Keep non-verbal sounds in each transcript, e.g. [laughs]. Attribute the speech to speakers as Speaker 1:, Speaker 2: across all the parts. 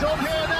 Speaker 1: Job here now.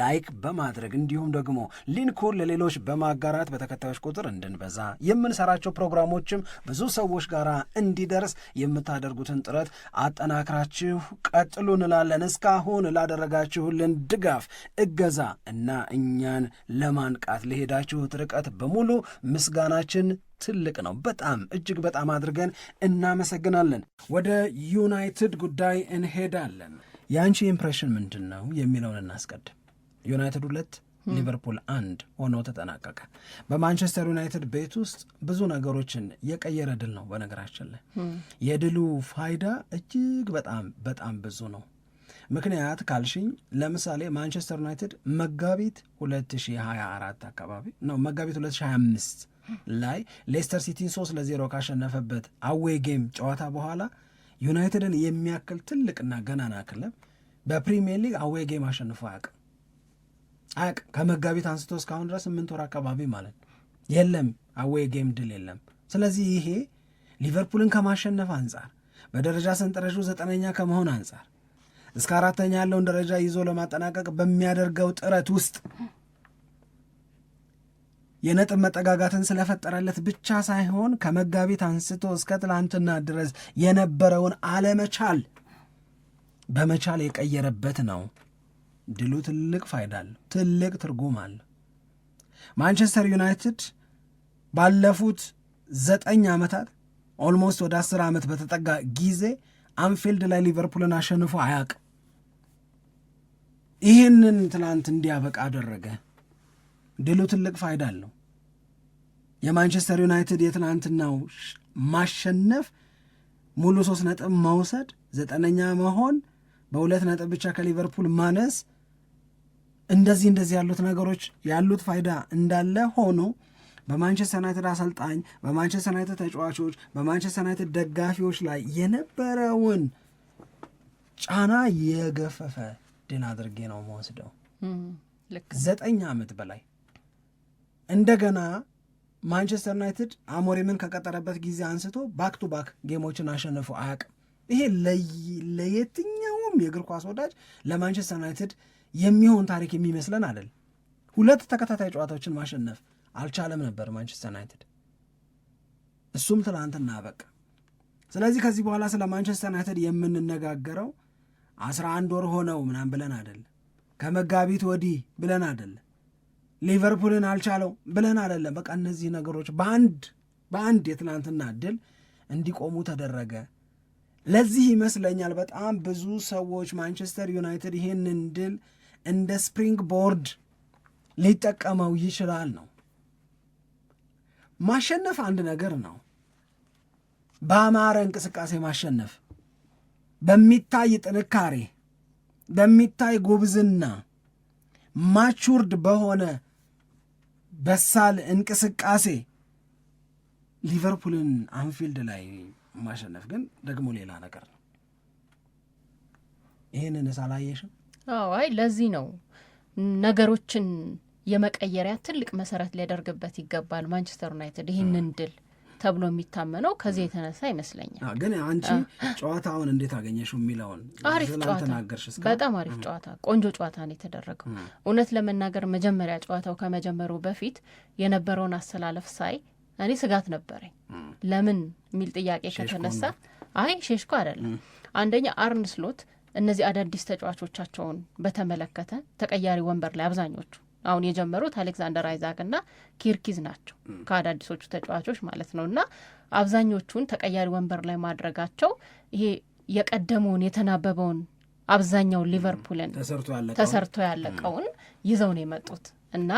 Speaker 1: ላይክ በማድረግ እንዲሁም ደግሞ ሊንኩን ለሌሎች በማጋራት በተከታዮች ቁጥር እንድንበዛ የምንሰራቸው ፕሮግራሞችም ብዙ ሰዎች ጋር እንዲደርስ የምታደርጉትን ጥረት አጠናክራችሁ ቀጥሉ እንላለን። እስካሁን ላደረጋችሁልን ድጋፍ፣ እገዛ እና እኛን ለማንቃት ለሄዳችሁት ርቀት በሙሉ ምስጋናችን ትልቅ ነው። በጣም እጅግ በጣም አድርገን እናመሰግናለን። ወደ ዩናይትድ ጉዳይ እንሄዳለን። የአንቺ ኢምፕሬሽን ምንድን ነው የሚለውን እናስቀድም። ዩናይትድ ሁለት ሊቨርፑል አንድ ሆነው ተጠናቀቀ። በማንቸስተር ዩናይትድ ቤት ውስጥ ብዙ ነገሮችን የቀየረ ድል ነው። በነገራችን ላይ የድሉ ፋይዳ እጅግ በጣም በጣም ብዙ ነው። ምክንያት ካልሽኝ ለምሳሌ ማንቸስተር ዩናይትድ መጋቢት 2024 አካባቢ ነው መጋቢት 2025 ላይ ሌስተር ሲቲን 3 ለ0 ካሸነፈበት አዌ ጌም ጨዋታ በኋላ ዩናይትድን የሚያክል ትልቅና ገናና ክለብ በፕሪሚየር ሊግ አዌ ጌም አሸንፎ አያውቅም። አያውቅም። ከመጋቢት አንስቶ እስካሁን ድረስ ስምንት ወር አካባቢ ማለት ነው የለም አዌይ ጌም ድል የለም። ስለዚህ ይሄ ሊቨርፑልን ከማሸነፍ አንጻር በደረጃ ሰንጠረዡ ዘጠነኛ ከመሆን አንጻር እስከ አራተኛ ያለውን ደረጃ ይዞ ለማጠናቀቅ በሚያደርገው ጥረት ውስጥ የነጥብ መጠጋጋትን ስለፈጠረለት ብቻ ሳይሆን ከመጋቢት አንስቶ እስከ ትላንትና ድረስ የነበረውን አለመቻል በመቻል የቀየረበት ነው። ድሉ ትልቅ ፋይዳ አለው፣ ትልቅ ትርጉም አለው። ማንቸስተር ዩናይትድ ባለፉት ዘጠኝ ዓመታት ኦልሞስት ወደ አስር ዓመት በተጠጋ ጊዜ አንፊልድ ላይ ሊቨርፑልን አሸንፎ አያውቅም። ይህንን ትናንት እንዲያበቃ አደረገ። ድሉ ትልቅ ፋይዳ አለው። የማንቸስተር ዩናይትድ የትናንትናው ማሸነፍ ሙሉ ሶስት ነጥብ መውሰድ፣ ዘጠነኛ መሆን፣ በሁለት ነጥብ ብቻ ከሊቨርፑል ማነስ እንደዚህ እንደዚህ ያሉት ነገሮች ያሉት ፋይዳ እንዳለ ሆኖ በማንቸስተር ዩናይትድ አሰልጣኝ፣ በማንቸስተር ዩናይትድ ተጫዋቾች፣ በማንቸስተር ዩናይትድ ደጋፊዎች ላይ የነበረውን ጫና የገፈፈ ድን አድርጌ ነው መወስደው። ዘጠኝ ዓመት በላይ እንደገና ማንቸስተር ዩናይትድ አሞሪምን ከቀጠረበት ጊዜ አንስቶ ባክ ቱ ባክ ጌሞችን አሸንፎ አያውቅም። ይሄ ለየትኛውም የእግር ኳስ ወዳጅ ለማንቸስተር ዩናይትድ የሚሆን ታሪክ የሚመስለን አይደል። ሁለት ተከታታይ ጨዋታዎችን ማሸነፍ አልቻለም ነበር ማንቸስተር ዩናይትድ፣ እሱም ትናንትና በቃ። ስለዚህ ከዚህ በኋላ ስለ ማንቸስተር ዩናይትድ የምንነጋገረው አስራ አንድ ወር ሆነው ምናምን ብለን አይደለም፣ ከመጋቢት ወዲህ ብለን አይደለም፣ ሊቨርፑልን አልቻለው ብለን አይደለም። በቃ እነዚህ ነገሮች በአንድ በአንድ የትናንትና ድል እንዲቆሙ ተደረገ። ለዚህ ይመስለኛል በጣም ብዙ ሰዎች ማንቸስተር ዩናይትድ ይህንን ድል እንደ ስፕሪንግ ቦርድ ሊጠቀመው ይችላል ነው። ማሸነፍ አንድ ነገር ነው። በአማረ እንቅስቃሴ ማሸነፍ፣ በሚታይ ጥንካሬ፣ በሚታይ ጉብዝና፣ ማቹርድ በሆነ በሳል እንቅስቃሴ ሊቨርፑልን አንፊልድ ላይ ማሸነፍ ግን ደግሞ ሌላ ነገር ነው። ይህንን ሳላየሽም
Speaker 2: አዎ አይ ለዚህ ነው ነገሮችን የመቀየሪያ ትልቅ መሰረት ሊያደርግበት ይገባል ማንቸስተር ዩናይትድ ይህንን ድል ተብሎ የሚታመነው ከዚህ የተነሳ ይመስለኛል።
Speaker 1: ግን አንቺ ጨዋታውን እንዴት አገኘሽው የሚለውን
Speaker 2: አሪፍ ጨዋታ፣ በጣም አሪፍ ጨዋታ፣ ቆንጆ ጨዋታ ነው የተደረገው። እውነት ለመናገር መጀመሪያ ጨዋታው ከመጀመሩ በፊት የነበረውን አሰላለፍ ሳይ እኔ ስጋት ነበረኝ። ለምን የሚል ጥያቄ ከተነሳ አይ ሼሽኮ አይደለም አንደኛ አርንስሎት እነዚህ አዳዲስ ተጫዋቾቻቸውን በተመለከተ ተቀያሪ ወንበር ላይ አብዛኞቹ አሁን የጀመሩት አሌክዛንደር አይዛክ እና ኪርኪዝ ናቸው ከአዳዲሶቹ ተጫዋቾች ማለት ነው። እና አብዛኞቹን ተቀያሪ ወንበር ላይ ማድረጋቸው ይሄ የቀደመውን የተናበበውን አብዛኛው ሊቨርፑልን ተሰርቶ ያለቀውን ይዘው ነው የመጡት እና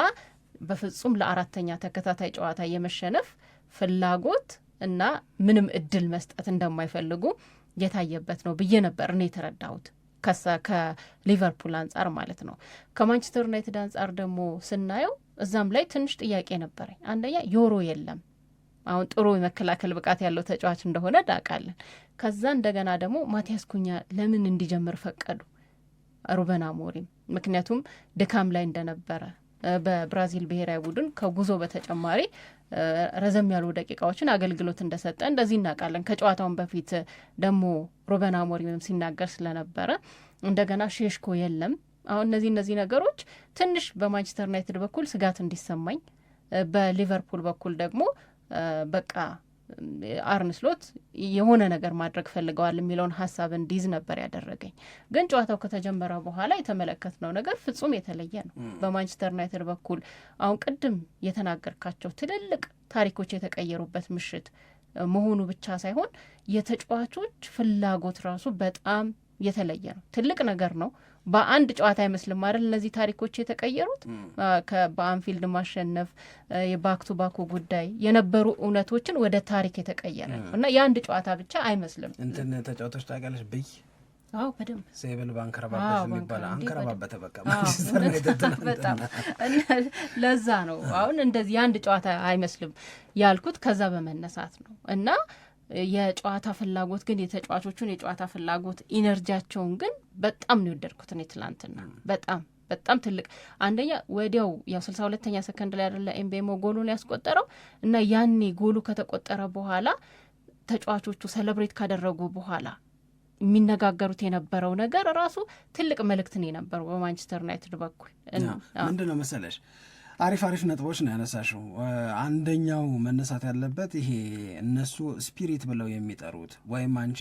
Speaker 2: በፍጹም ለአራተኛ ተከታታይ ጨዋታ የመሸነፍ ፍላጎት እና ምንም እድል መስጠት እንደማይፈልጉ የታየበት ነው ብዬ ነበር እኔ የተረዳሁት ከሊቨርፑል አንጻር ማለት ነው። ከማንቸስተር ዩናይትድ አንጻር ደግሞ ስናየው እዛም ላይ ትንሽ ጥያቄ ነበረኝ። አንደኛ ዮሮ የለም። አሁን ጥሩ የመከላከል ብቃት ያለው ተጫዋች እንደሆነ ዳቃለን። ከዛ እንደገና ደግሞ ማቲያስ ኩኛ ለምን እንዲጀምር ፈቀዱ ሩበን አሞሪም? ምክንያቱም ድካም ላይ እንደነበረ በብራዚል ብሔራዊ ቡድን ከጉዞ በተጨማሪ ረዘም ያሉ ደቂቃዎችን አገልግሎት እንደሰጠ እንደዚህ እናውቃለን። ከጨዋታውን በፊት ደግሞ ሩበን አሞሪምም ሲናገር ስለነበረ እንደገና ሼሽኮ የለም። አሁን እነዚህ እነዚህ ነገሮች ትንሽ በማንቸስተር ዩናይትድ በኩል ስጋት እንዲሰማኝ፣ በሊቨርፑል በኩል ደግሞ በቃ አርንስሎት የሆነ ነገር ማድረግ ፈልገዋል የሚለውን ሀሳብ እንዲይዝ ነበር ያደረገኝ። ግን ጨዋታው ከተጀመረ በኋላ የተመለከትነው ነገር ፍጹም የተለየ ነው። በማንቸስተር ዩናይትድ በኩል አሁን ቅድም የተናገርካቸው ትልልቅ ታሪኮች የተቀየሩበት ምሽት መሆኑ ብቻ ሳይሆን የተጫዋቾች ፍላጎት ራሱ በጣም የተለየ ነው። ትልቅ ነገር ነው። በአንድ ጨዋታ አይመስልም አይደል? እነዚህ ታሪኮች የተቀየሩት በአንፊልድ ማሸነፍ፣ የባክቱ ባኩ ጉዳይ የነበሩ እውነቶችን ወደ ታሪክ የተቀየረ ነው እና የአንድ ጨዋታ ብቻ አይመስልም።
Speaker 1: እንትን ተጫዋቶች ታውቂያለሽ ብይ አዎ በደንብ ሴብል በአንከረባበት የሚባለ አንከረባበት በቃ
Speaker 2: ለዛ ነው አሁን እንደዚህ የአንድ ጨዋታ አይመስልም ያልኩት ከዛ በመነሳት ነው እና የጨዋታ ፍላጎት ግን የተጫዋቾቹን የጨዋታ ፍላጎት ኢነርጂያቸውን ግን በጣም ነው የወደድኩት። እኔ ትላንትና በጣም በጣም ትልቅ አንደኛ ወዲያው ያው ስልሳ ሁለተኛ ሰከንድ ላይ አይደለ ኤምቤሞ ጎሉን ያስቆጠረው እና ያኔ ጎሉ ከተቆጠረ በኋላ ተጫዋቾቹ ሰለብሬት ካደረጉ በኋላ የሚነጋገሩት የነበረው ነገር ራሱ ትልቅ መልእክት ነው የነበረው በማንቸስተር ዩናይትድ በኩል
Speaker 1: ምንድን ነው መሰለሽ አሪፍ አሪፍ ነጥቦች ነው ያነሳሽው። አንደኛው መነሳት ያለበት ይሄ እነሱ ስፒሪት ብለው የሚጠሩት ወይም አንቺ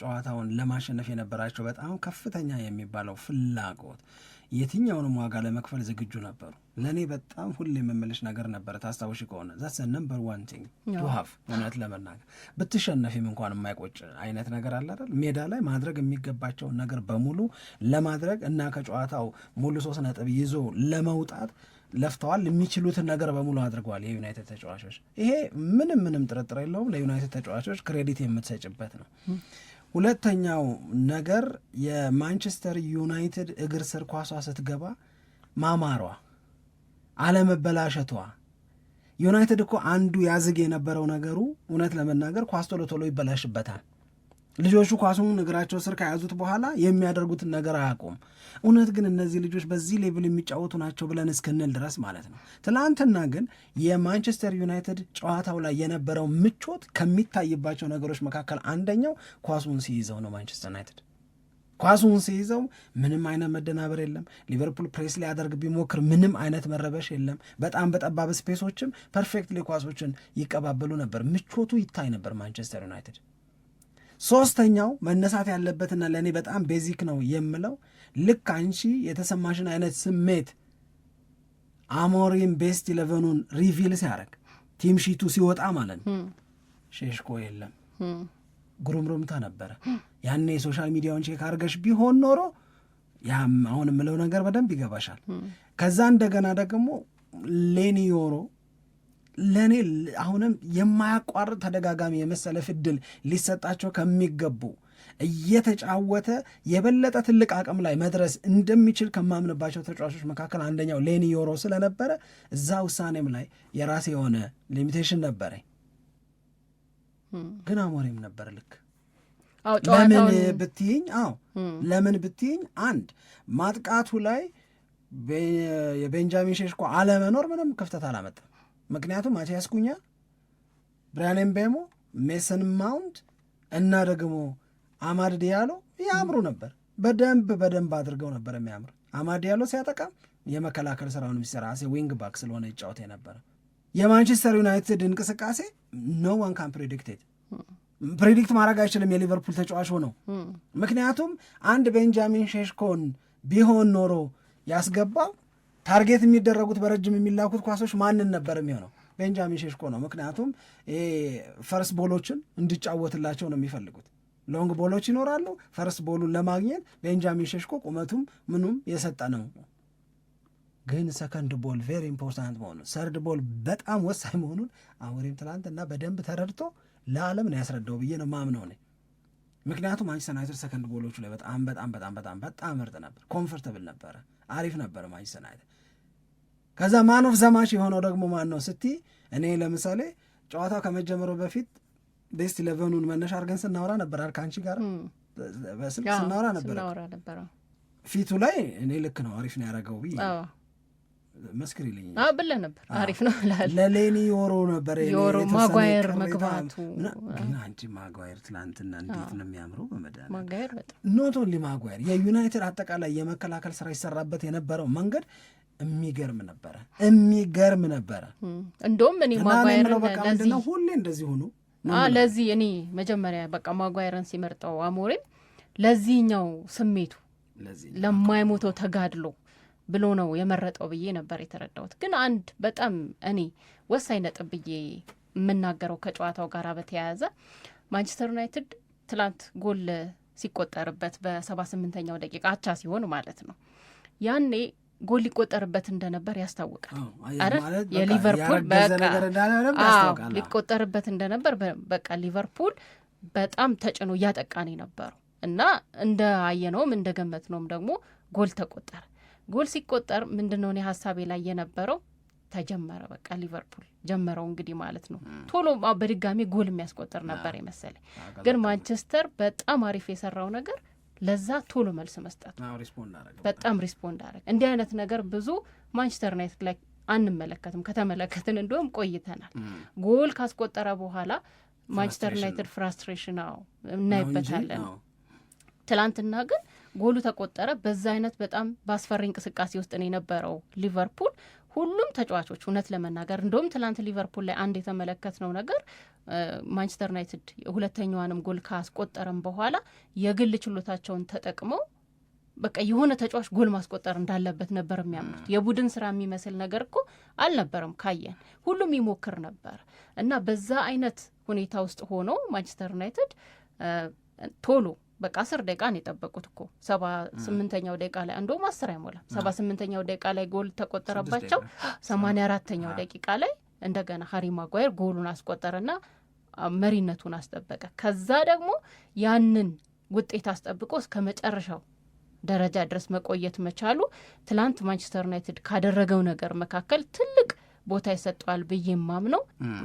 Speaker 1: ጨዋታውን ለማሸነፍ የነበራቸው በጣም ከፍተኛ የሚባለው ፍላጎት፣ የትኛውንም ዋጋ ለመክፈል ዝግጁ ነበሩ። ለእኔ በጣም ሁሌ የምመልሽ ነገር ነበር፣ ታስታውሽ ከሆነ ዛስ ነምበር ዋን ቲንግ ቱ ሀፍ። እውነት ለመናገር ብትሸነፊም እንኳን የማይቆጭ አይነት ነገር አለ አይደል? ሜዳ ላይ ማድረግ የሚገባቸውን ነገር በሙሉ ለማድረግ እና ከጨዋታው ሙሉ ሶስት ነጥብ ይዞ ለመውጣት ለፍተዋል። የሚችሉትን ነገር በሙሉ አድርገዋል የዩናይትድ ተጫዋቾች። ይሄ ምንም ምንም ጥርጥር የለውም ለዩናይትድ ተጫዋቾች ክሬዲት የምትሰጭበት ነው። ሁለተኛው ነገር የማንቸስተር ዩናይትድ እግር ስር ኳሷ ስትገባ ማማሯ፣ አለመበላሸቷ። ዩናይትድ እኮ አንዱ ያዝግ የነበረው ነገሩ እውነት ለመናገር ኳስ ቶሎ ቶሎ ይበላሽበታል። ልጆቹ ኳሱን እግራቸው ስር ከያዙት በኋላ የሚያደርጉትን ነገር አያውቁም። እውነት ግን እነዚህ ልጆች በዚህ ሌብል የሚጫወቱ ናቸው ብለን እስክንል ድረስ ማለት ነው። ትናንትና ግን የማንቸስተር ዩናይትድ ጨዋታው ላይ የነበረው ምቾት ከሚታይባቸው ነገሮች መካከል አንደኛው ኳሱን ሲይዘው ነው። ማንቸስተር ዩናይትድ ኳሱን ሲይዘው ምንም አይነት መደናበር የለም። ሊቨርፑል ፕሬስ ሊያደርግ ቢሞክር ምንም አይነት መረበሽ የለም። በጣም በጠባብ ስፔሶችም ፐርፌክትሊ ኳሶችን ይቀባበሉ ነበር። ምቾቱ ይታይ ነበር ማንቸስተር ዩናይትድ ሶስተኛው መነሳት ያለበትና ለእኔ በጣም ቤዚክ ነው የምለው ልክ አንቺ የተሰማሽን አይነት ስሜት አሞሪም ቤስት ኢለቨኑን ሪቪል ሲያደርግ ቲም ሺቱ ሲወጣ ማለት ነው ሼሽኮ የለም ጉሩምሩምታ ነበረ። ያኔ የሶሻል ሚዲያውን ቼክ አድርገሽ ቢሆን ኖሮ ያም አሁን የምለው ነገር በደንብ ይገባሻል። ከዛ እንደገና ደግሞ ሌኒዮሮ ለእኔ አሁንም የማያቋርጥ ተደጋጋሚ የመሰለፍ ዕድል ሊሰጣቸው ከሚገቡ እየተጫወተ የበለጠ ትልቅ አቅም ላይ መድረስ እንደሚችል ከማምንባቸው ተጫዋቾች መካከል አንደኛው ሌኒ ዮሮ ስለነበረ እዛ ውሳኔም ላይ የራሴ የሆነ ሊሚቴሽን ነበረኝ። ግን አሞሪም ነበር ልክ ለምን ብትይኝ፣ አዎ ለምን ብትይኝ፣ አንድ ማጥቃቱ ላይ የቤንጃሚን ሼሽኮ አለመኖር ምንም ክፍተት አላመጣም። ምክንያቱም ማቲያስ ኩኛ፣ ብራያን ኤምቤሞ፣ ሜሰን ማውንት እና ደግሞ አማድ ዲያሎ ያምሩ ነበር። በደንብ በደንብ አድርገው ነበር የሚያምር አማድ ዲያሎ ሲያጠቃም የመከላከል ስራውን የሚሰራ ሴ ዊንግ ባክ ስለሆነ ይጫወት የነበረ የማንቸስተር ዩናይትድ እንቅስቃሴ ኖ ዋን ካን ፕሬዲክትድ ፕሬዲክት ማድረግ አይችልም የሊቨርፑል ተጫዋች ሆነው። ምክንያቱም አንድ ቤንጃሚን ሼሽኮን ቢሆን ኖሮ ያስገባው ታርጌት የሚደረጉት በረጅም የሚላኩት ኳሶች ማንን ነበር የሚሆነው? ቤንጃሚን ሼሽኮ ነው። ምክንያቱም ፈርስ ቦሎችን እንዲጫወትላቸው ነው የሚፈልጉት። ሎንግ ቦሎች ይኖራሉ። ፈርስ ቦሉን ለማግኘት ቤንጃሚን ሼሽኮ ቁመቱም ምኑም የሰጠ ነው። ግን ሰከንድ ቦል ቬሪ ኢምፖርታንት መሆኑን ሰርድ ቦል በጣም ወሳኝ መሆኑን አሞሪም ትናንትና በደንብ ተረድቶ ለዓለም ነው ያስረዳው ብዬ ነው ማምነው ነኝ። ምክንያቱም ማንቸስተር ዩናይትድ ሰከንድ ቦሎቹ ላይ በጣም በጣም በጣም በጣም በጣም ምርጥ ነበር፣ ኮምፎርተብል ነበረ፣ አሪፍ ነበረ ማንቸስተር ዩናይትድ ከዛ ማን ኦፍ ዘማች የሆነው ደግሞ ማን ነው ስቲ እኔ ለምሳሌ ጨዋታው ከመጀመሩ በፊት ቤስት ኢለቨኑን መነሻ አድርገን ስናወራ ነበር ከአንቺ ጋር በስልክ ስናወራ ነበር። ፊቱ ላይ እኔ ልክ ነው አሪፍ ነው ያደረገው ብ መስክር ይልኝ
Speaker 2: ብለ ነበር። አሪፍ ነው
Speaker 1: ለሌኒ ዮሮ ነበር
Speaker 2: ዮሮ ማጓየር መግባቱ
Speaker 1: ግን አንቺ ማጓየር ትላንትና እንዴት ነው የሚያምረው! በመዳ
Speaker 2: ማጓየር በጣም
Speaker 1: ኖት ኦንሊ ማጓየር የዩናይትድ አጠቃላይ የመከላከል ስራ ይሰራበት የነበረው መንገድ የሚገርም ነበረ፣ የሚገርም ነበረ። እንደውም እኔ ማጓየርን ሁሌ እንደዚህ ሆኖ
Speaker 2: ለዚህ እኔ መጀመሪያ በቃ ማጓየርን ሲመርጠው አሞሪም ለዚህኛው ስሜቱ ለማይሞተው ተጋድሎ ብሎ ነው የመረጠው ብዬ ነበር የተረዳሁት። ግን አንድ በጣም እኔ ወሳኝ ነጥብ ብዬ የምናገረው ከጨዋታው ጋር በተያያዘ ማንቸስተር ዩናይትድ ትላንት ጎል ሲቆጠርበት በሰባ ስምንተኛው ደቂቃ አቻ ሲሆን ማለት ነው ያኔ ጎል ሊቆጠርበት እንደነበር ያስታውቃል። የሊቨርፑል ሊቆጠርበት እንደነበር በቃ ሊቨርፑል በጣም ተጭኖ እያጠቃን ነበረው እና እንደ አየነውም እንደ ገመት ነውም ደግሞ ጎል ተቆጠረ። ጎል ሲቆጠር ምንድን ነው እኔ ሀሳቤ ላይ የነበረው ተጀመረ በቃ ሊቨርፑል ጀመረው እንግዲህ ማለት ነው። ቶሎ በድጋሚ ጎል የሚያስቆጥር ነበር የመሰለኝ። ግን ማንቸስተር በጣም አሪፍ የሰራው ነገር ለዛ ቶሎ መልስ መስጠት በጣም ሪስፖንድ አረግ። እንዲህ አይነት ነገር ብዙ ማንቸስተር ዩናይትድ ላይ አንመለከትም። ከተመለከትን እንዲሁም ቆይተናል። ጎል ካስቆጠረ በኋላ ማንቸስተር ዩናይትድ ፍራስትሬሽን ው እናይበታለን። ትላንትና ግን ጎሉ ተቆጠረ። በዛ አይነት በጣም በአስፈሪ እንቅስቃሴ ውስጥ ነው የነበረው ሊቨርፑል ሁሉም ተጫዋቾች እውነት ለመናገር እንደውም ትናንት ሊቨርፑል ላይ አንድ የተመለከትነው ነገር ማንቸስተር ዩናይትድ ሁለተኛዋንም ጎል ካስቆጠረም በኋላ የግል ችሎታቸውን ተጠቅመው በቃ የሆነ ተጫዋች ጎል ማስቆጠር እንዳለበት ነበር የሚያምኑት። የቡድን ስራ የሚመስል ነገር እኮ አልነበረም ካየን፣ ሁሉም ይሞክር ነበር እና በዛ አይነት ሁኔታ ውስጥ ሆኖ ማንቸስተር ዩናይትድ ቶሎ በቃ አስር ደቂቃ ነው የጠበቁት እኮ ሰባ ስምንተኛው ደቂቃ ላይ እንደውም አስር አይሞላም። ሰባ ስምንተኛው ደቂቃ ላይ ጎል ተቆጠረባቸው። [gasps] ሰማንያ አራተኛው ደቂቃ ላይ እንደገና ሀሪ ማጓየር ጎሉን አስቆጠረና መሪነቱን አስጠበቀ። ከዛ ደግሞ ያንን ውጤት አስጠብቆ እስከ መጨረሻው ደረጃ ድረስ መቆየት መቻሉ ትላንት ማንቸስተር ዩናይትድ ካደረገው ነገር መካከል ትልቅ ቦታ ይሰጠዋል ብዬ ማምነው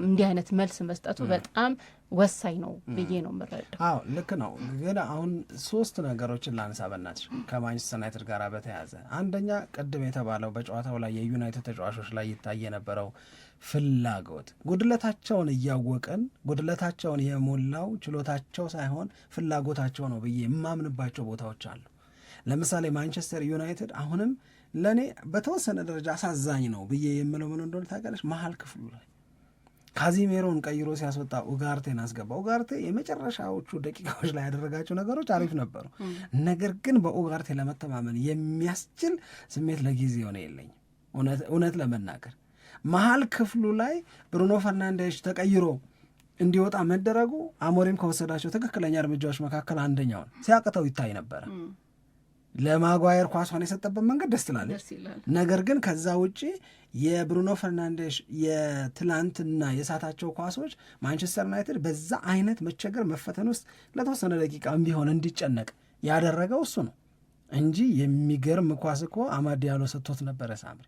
Speaker 2: እንዲህ አይነት መልስ መስጠቱ በጣም ወሳኝ ነው ብዬ ነው የምረዳው።
Speaker 1: አዎ ልክ ነው። ግን አሁን ሶስት ነገሮችን ላንሳ በናት ከማንቸስተር ዩናይትድ ጋር በተያያዘ አንደኛ፣ ቅድም የተባለው በጨዋታው ላይ የዩናይትድ ተጫዋቾች ላይ ይታይ የነበረው ፍላጎት ጉድለታቸውን እያወቅን ጉድለታቸውን የሞላው ችሎታቸው ሳይሆን ፍላጎታቸው ነው ብዬ የማምንባቸው ቦታዎች አሉ። ለምሳሌ ማንቸስተር ዩናይትድ አሁንም ለእኔ በተወሰነ ደረጃ አሳዛኝ ነው ብዬ የምለው ምን እንደሆነ ታውቂያለሽ? መሀል ክፍሉ ላይ ካዚሜሮን ቀይሮ ሲያስወጣ ኡጋርቴን አስገባ። ኡጋርቴ የመጨረሻዎቹ ደቂቃዎች ላይ ያደረጋቸው ነገሮች አሪፍ ነበሩ። ነገር ግን በኡጋርቴ ለመተማመን የሚያስችል ስሜት ለጊዜ የሆነ የለኝ እውነት ለመናገር መሀል ክፍሉ ላይ ብሩኖ ፈርናንዴሽ ተቀይሮ እንዲወጣ መደረጉ አሞሪም ከወሰዳቸው ትክክለኛ እርምጃዎች መካከል አንደኛውን ሲያቅተው ይታይ ነበረ። ለማጓየር ኳሷን የሰጠበት መንገድ ደስ ትላለች። ነገር ግን ከዛ ውጪ የብሩኖ ፈርናንዴሽ የትላንትና የሳታቸው ኳሶች ማንቸስተር ዩናይትድ በዛ አይነት መቸገር መፈተን ውስጥ ለተወሰነ ደቂቃ ቢሆን እንዲጨነቅ ያደረገው እሱ ነው እንጂ የሚገርም ኳስ እኮ አማድ ያሎ ሰጥቶት ነበረ። ሳምሪ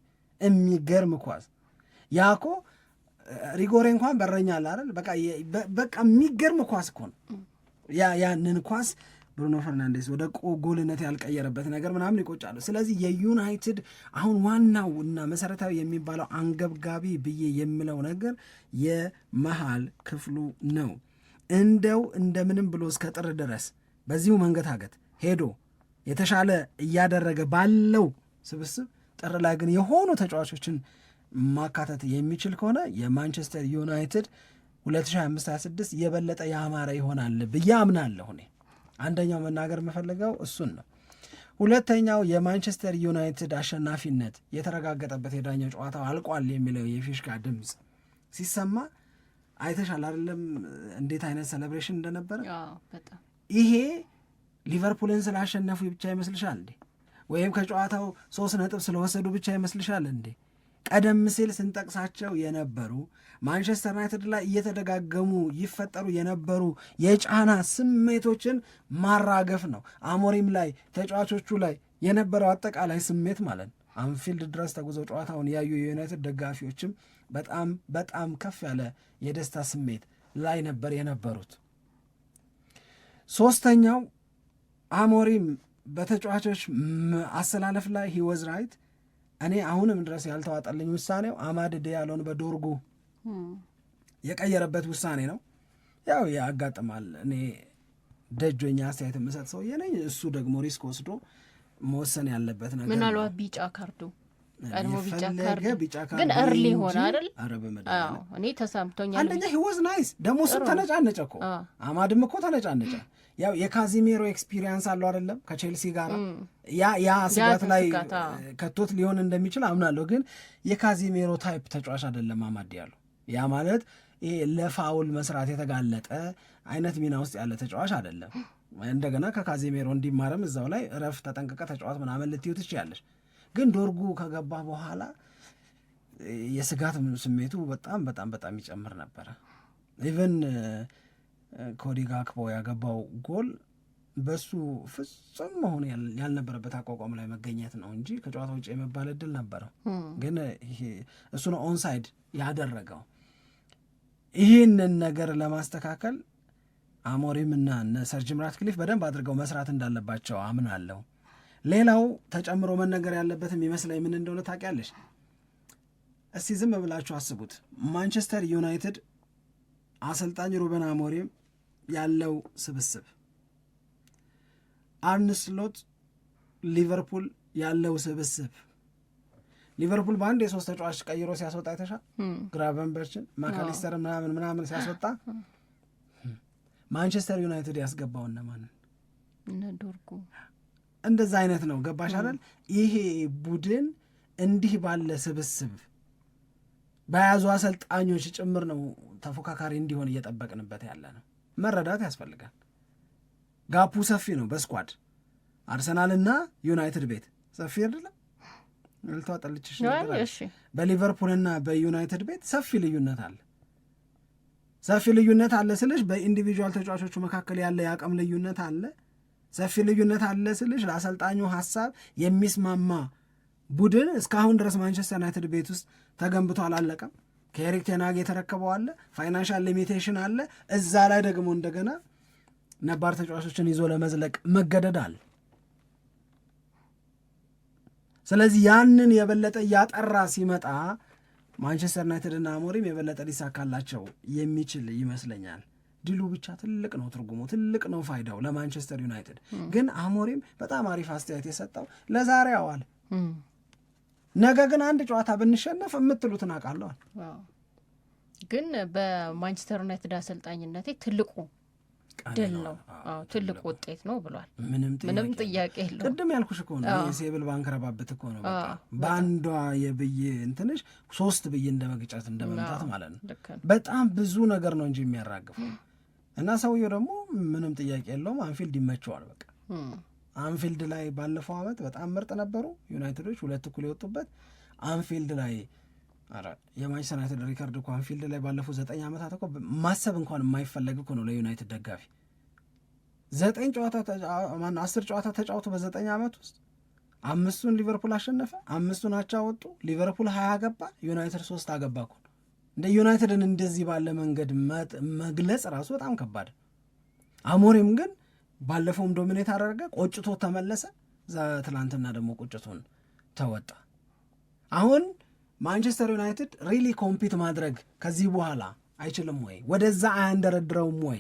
Speaker 1: የሚገርም ኳስ ያኮ ሪጎሬ እንኳን በረኛ አለ በቃ የሚገርም ኳስ እኮ ነው ያንን ኳስ ብሩኖ ፈርናንዴስ ወደ ጎልነት ያልቀየረበት ነገር ምናምን ይቆጫሉ። ስለዚህ የዩናይትድ አሁን ዋናው እና መሰረታዊ የሚባለው አንገብጋቢ ብዬ የምለው ነገር የመሃል ክፍሉ ነው። እንደው እንደምንም ብሎ እስከ ጥር ድረስ በዚሁ መንገታገት ሄዶ የተሻለ እያደረገ ባለው ስብስብ ጥር ላይ ግን የሆኑ ተጫዋቾችን ማካተት የሚችል ከሆነ የማንቸስተር ዩናይትድ 2025/26 የበለጠ ያማረ ይሆናል ብዬ አምናለሁ እኔ። አንደኛው መናገር የምፈልገው እሱን ነው። ሁለተኛው የማንቸስተር ዩናይትድ አሸናፊነት የተረጋገጠበት የዳኛው ጨዋታው አልቋል የሚለው የፊሽካ ድምፅ ሲሰማ አይተሻል አይደለም? እንዴት አይነት ሴሌብሬሽን እንደነበረ። ይሄ ሊቨርፑልን ስላሸነፉ ብቻ ይመስልሻል እንዴ? ወይም ከጨዋታው ሶስት ነጥብ ስለወሰዱ ብቻ ይመስልሻል እንዴ? ቀደም ሲል ስንጠቅሳቸው የነበሩ ማንቸስተር ዩናይትድ ላይ እየተደጋገሙ ይፈጠሩ የነበሩ የጫና ስሜቶችን ማራገፍ ነው። አሞሪም ላይ ተጫዋቾቹ ላይ የነበረው አጠቃላይ ስሜት ማለት ነው። አንፊልድ ድረስ ተጉዘው ጨዋታውን ያዩ የዩናይትድ ደጋፊዎችም በጣም በጣም ከፍ ያለ የደስታ ስሜት ላይ ነበር የነበሩት። ሶስተኛው አሞሪም በተጫዋቾች አሰላለፍ ላይ ሂወዝ ራይት እኔ አሁንም ድረስ ያልተዋጠልኝ ውሳኔው አማድ ዲያሎን በዶርጉ የቀየረበት ውሳኔ ነው። ያው ያጋጥማል። እኔ ደጆኛ አስተያየት የምሰጥ ሰውዬ ነኝ። እሱ ደግሞ ሪስክ ወስዶ መወሰን ያለበት
Speaker 2: ነገር ምናልባት ቢጫ ካርዱ ቀድሞ ቢጫ ካርድ ግን እርሊ ሆነ አይደል? እኔ ተሰምቶኛል።
Speaker 1: አንደኛ ሂወዝ ናይስ ደግሞ እሱ ተነጫነጨ እኮ አማድም እኮ ተነጫነጨ። ያው የካዚሜሮ ኤክስፒሪየንስ አለው አይደለም ከቼልሲ ጋር ያ ያ ስጋት ላይ ከቶት ሊሆን እንደሚችል አምናለሁ። ግን የካዚሜሮ ታይፕ ተጫዋች አይደለም አማድ ያሉ ያ ማለት ይሄ ለፋውል መስራት የተጋለጠ አይነት ሚና ውስጥ ያለ ተጫዋች አይደለም። እንደገና ከካዚሜሮ እንዲማረም እዛው ላይ ረፍ ተጠንቀቀ ተጫዋት ምናምን ልትዩ ትችያለች። ግን ዶርጉ ከገባ በኋላ የስጋት ስሜቱ በጣም በጣም በጣም ይጨምር ነበረ። ኢቨን ኮዲ ጋክፖ ያገባው ጎል በሱ ፍጹም መሆን ያልነበረበት አቋቋም ላይ መገኘት ነው እንጂ ከጨዋታ ውጭ የመባል እድል ነበረው። ግን እሱ ነው ኦንሳይድ ያደረገው። ይህንን ነገር ለማስተካከል አሞሪም እና እነ ሰር ጂም ራትክሊፍ በደንብ አድርገው መስራት እንዳለባቸው አምናለሁ። ሌላው ተጨምሮ መነገር ያለበት የሚመስለኝ ምን እንደሆነ ታውቂያለሽ? እስቲ ዝም ብላችሁ አስቡት። ማንቸስተር ዩናይትድ አሰልጣኝ ሩበን አሞሪም ያለው ስብስብ፣ አርነ ስሎት ሊቨርፑል ያለው ስብስብ። ሊቨርፑል በአንድ የሶስት ተጫዋች ቀይሮ ሲያስወጣ አይተሻል? ግራቨንበርችን ማካሊስተር ምናምን ምናምን ሲያስወጣ ማንቸስተር ዩናይትድ ያስገባው እነማንን? እነ ዶርጉ እንደዛ አይነት ነው። ገባሽ አይደል? ይሄ ቡድን እንዲህ ባለ ስብስብ በያዙ አሰልጣኞች ጭምር ነው ተፎካካሪ እንዲሆን እየጠበቅንበት ያለ ነው። መረዳት ያስፈልጋል። ጋፑ ሰፊ ነው። በስኳድ አርሰናልና ዩናይትድ ቤት ሰፊ አይደለም። ልቷ ጠልችሽ በሊቨርፑልና በዩናይትድ ቤት ሰፊ ልዩነት አለ። ሰፊ ልዩነት አለ ስልሽ በኢንዲቪጁዋል ተጫዋቾቹ መካከል ያለ የአቅም ልዩነት አለ። ሰፊ ልዩነት አለ ስልሽ ለአሰልጣኙ ሀሳብ የሚስማማ ቡድን እስካሁን ድረስ ማንቸስተር ዩናይትድ ቤት ውስጥ ተገንብቶ አላለቀም። ከኤሪክ ቴናግ የተረከበው አለ፣ ፋይናንሻል ሊሚቴሽን አለ። እዛ ላይ ደግሞ እንደገና ነባር ተጫዋቾችን ይዞ ለመዝለቅ መገደድ አለ። ስለዚህ ያንን የበለጠ እያጠራ ሲመጣ ማንቸስተር እና አሞሪም የበለጠ ሊሳካላቸው የሚችል ይመስለኛል። ድሉ ብቻ ትልቅ ነው ትርጉሙ ትልቅ ነው ፋይዳው ለማንቸስተር ዩናይትድ። ግን አሞሪም በጣም አሪፍ አስተያየት የሰጠው ለዛሬ አዋል ነገ ግን አንድ ጨዋታ ብንሸነፍ የምትሉትን አውቃለዋል።
Speaker 2: ግን በማንቸስተር ዩናይትድ አሰልጣኝነቴ ትልቁ ድል ነው ትልቅ ውጤት ነው ብሏል። ምንም ጥያቄ የለውም።
Speaker 1: ቅድም ያልኩሽ እኮ ነው ባንክ ረባብት እኮ ነው። በአንዷ የብይ እንትንሽ ሶስት ብይ እንደ መግጨት እንደ ማለት ነው። በጣም ብዙ ነገር ነው እንጂ የሚያራግፈው እና ሰውየው ደግሞ ምንም ጥያቄ የለውም አንፊልድ ይመቸዋል። በቃ አንፊልድ ላይ ባለፈው አመት በጣም ምርጥ ነበሩ ዩናይትዶች ሁለት እኩል የወጡበት አንፊልድ ላይ የማንቸስተር ዩናይትድ ሪካርድ እኮ አንፊልድ ላይ ባለፉት ዘጠኝ ዓመታት እኮ ማሰብ እንኳን የማይፈለግ እኮ ነው ለዩናይትድ ደጋፊ ዘጠኝ ጨዋታ አስር ጨዋታ ተጫውቶ በዘጠኝ ዓመት ውስጥ አምስቱን ሊቨርፑል አሸነፈ፣ አምስቱን አቻ ወጡ። ሊቨርፑል ሀያ ገባ፣ ዩናይትድ ሶስት አገባ እኮ እንደ ዩናይትድን እንደዚህ ባለ መንገድ መግለጽ ራሱ በጣም ከባድ። አሞሪም ግን ባለፈውም ዶሚኔት አደረገ፣ ቆጭቶ ተመለሰ። ትላንትና ደግሞ ቁጭቱን ተወጣ። አሁን ማንቸስተር ዩናይትድ ሪሊ ኮምፒት ማድረግ ከዚህ በኋላ አይችልም ወይ? ወደዛ አያንደረድረውም ወይ?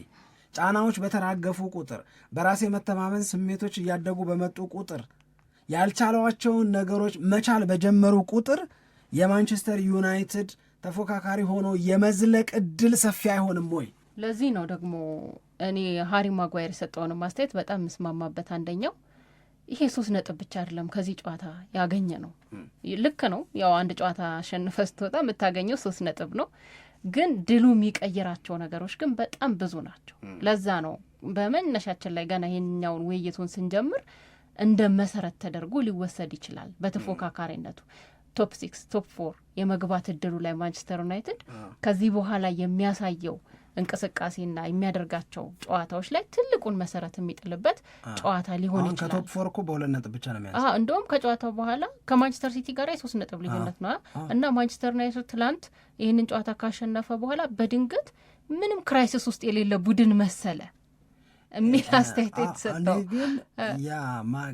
Speaker 1: ጫናዎች በተራገፉ ቁጥር፣ በራስ የመተማመን ስሜቶች እያደጉ በመጡ ቁጥር፣ ያልቻለዋቸውን ነገሮች መቻል በጀመሩ ቁጥር የማንቸስተር ዩናይትድ ተፎካካሪ ሆኖ የመዝለቅ እድል ሰፊ አይሆንም ወይ?
Speaker 2: ለዚህ ነው ደግሞ እኔ ሀሪ ማጓየር የሰጠውን አስተያየት በጣም የምስማማበት አንደኛው ይሄ ሶስት ነጥብ ብቻ አይደለም ከዚህ ጨዋታ ያገኘ ነው። ልክ ነው፣ ያው አንድ ጨዋታ አሸንፈ ስትወጣ የምታገኘው ሶስት ነጥብ ነው። ግን ድሉ የሚቀይራቸው ነገሮች ግን በጣም ብዙ ናቸው። ለዛ ነው በመነሻችን ላይ ገና ይህኛውን ውይይቱን ስንጀምር እንደ መሰረት ተደርጎ ሊወሰድ ይችላል በተፎካካሪነቱ ቶፕ ሲክስ ቶፕ ፎር የመግባት እድሉ ላይ ማንቸስተር ዩናይትድ ከዚህ በኋላ የሚያሳየው እንቅስቃሴና የሚያደርጋቸው ጨዋታዎች ላይ ትልቁን መሰረት የሚጥልበት ጨዋታ ሊሆን
Speaker 1: ይችላል። ከቶፕ ፎር እኮ በሁለት ነጥብ ብቻ ነው
Speaker 2: የሚያ እንደውም ከጨዋታው በኋላ ከማንቸስተር ሲቲ ጋር የሶስት ነጥብ ልዩነት ነው እና ማንቸስተር ዩናይትድ ትላንት ይህንን ጨዋታ ካሸነፈ በኋላ በድንገት ምንም ክራይሲስ ውስጥ የሌለ ቡድን መሰለ። የሚል አስተያየት የተሰጠው
Speaker 1: ያ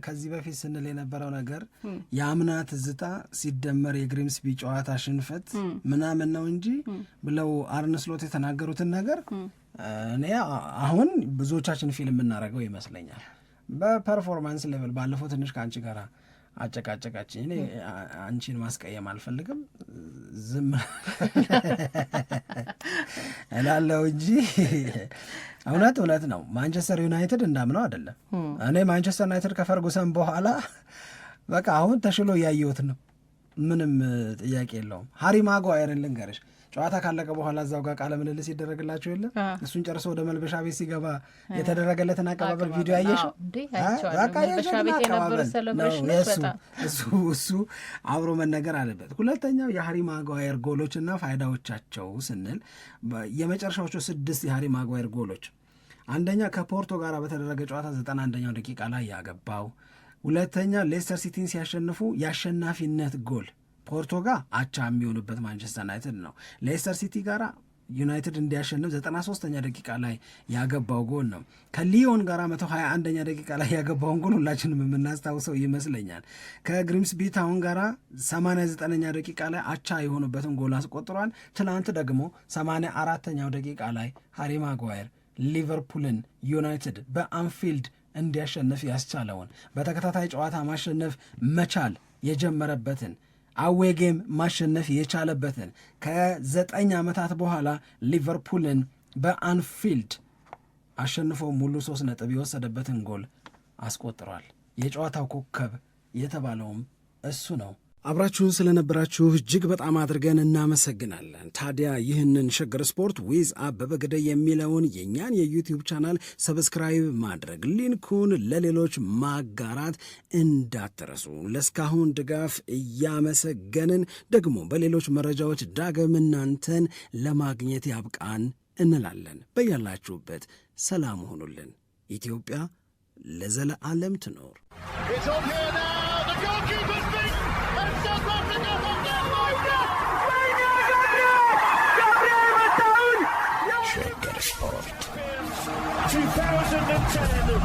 Speaker 1: ከዚህ በፊት ስንል የነበረው ነገር የአምና ትዝታ ሲደመር የግሪምስቢ ጨዋታ ሽንፈት ምናምን ነው እንጂ ብለው አርነ ስሎት የተናገሩትን ነገር እኔ አሁን ብዙዎቻችን ፊልም የምናደርገው ይመስለኛል። በፐርፎርማንስ ሌቨል ባለፈው ትንሽ ከአንቺ ጋር አጨቃጨቃችኝ። እኔ አንቺን ማስቀየም አልፈልግም ዝም [laughs] እላለው እንጂ እውነት እውነት ነው። ማንቸስተር ዩናይትድ እንዳምነው አይደለም። እኔ ማንቸስተር ዩናይትድ ከፈርጉሰን በኋላ በቃ አሁን ተሽሎ እያየሁት ነው። ምንም ጥያቄ የለውም። ሀሪ ማጓየርን ልንገርሽ ጨዋታ ካለቀ በኋላ እዛው ጋር ቃለ ምልልስ ይደረግላቸው የለ እሱን ጨርሶ ወደ መልበሻ ቤት ሲገባ የተደረገለትን አቀባበል ቪዲዮ አየሽ? እሱ እሱ አብሮ መነገር አለበት። ሁለተኛው የሀሪ ማጓየር ጎሎች እና ፋይዳዎቻቸው ስንል የመጨረሻዎቹ ስድስት የሀሪ ማጓየር ጎሎች አንደኛ ከፖርቶ ጋር በተደረገ ጨዋታ 91ኛው ደቂቃ ላይ ያገባው፣ ሁለተኛ ሌስተር ሲቲን ሲያሸንፉ የአሸናፊነት ጎል ፖርቶ ጋር አቻ የሚሆኑበት ማንቸስተር ዩናይትድ ነው። ሌስተር ሲቲ ጋር ዩናይትድ እንዲያሸንፍ 93ኛ ደቂቃ ላይ ያገባው ጎል ነው። ከሊዮን ጋር 121ኛ ደቂቃ ላይ ያገባውን ጎል ሁላችንም የምናስታውሰው ይመስለኛል። ከግሪምስቢ ታውን ጋር 89ኛ ደቂቃ ላይ አቻ የሆኑበትን ጎል አስቆጥሯል። ትናንት ደግሞ 84ኛው ደቂቃ ላይ ሃሪ ማጓየር ሊቨርፑልን ዩናይትድ በአንፊልድ እንዲያሸንፍ ያስቻለውን በተከታታይ ጨዋታ ማሸነፍ መቻል የጀመረበትን አዌ ጌም ማሸነፍ የቻለበትን ከዘጠኝ ዓመታት በኋላ ሊቨርፑልን በአንፊልድ አሸንፎ ሙሉ ሶስት ነጥብ የወሰደበትን ጎል አስቆጥሯል። የጨዋታው ኮከብ የተባለውም እሱ ነው። አብራችሁን ስለነበራችሁ እጅግ በጣም አድርገን እናመሰግናለን። ታዲያ ይህንን ሸገር ስፖርት ዊዝ አበበ ግደይ የሚለውን የእኛን የዩቲዩብ ቻናል ሰብስክራይብ ማድረግ፣ ሊንኩን ለሌሎች ማጋራት እንዳትረሱ። ለእስካሁን ድጋፍ እያመሰገንን ደግሞ በሌሎች መረጃዎች ዳግም እናንተን ለማግኘት ያብቃን እንላለን። በያላችሁበት ሰላም ሆኑልን። ኢትዮጵያ ለዘለዓለም ትኖር። 2010 어.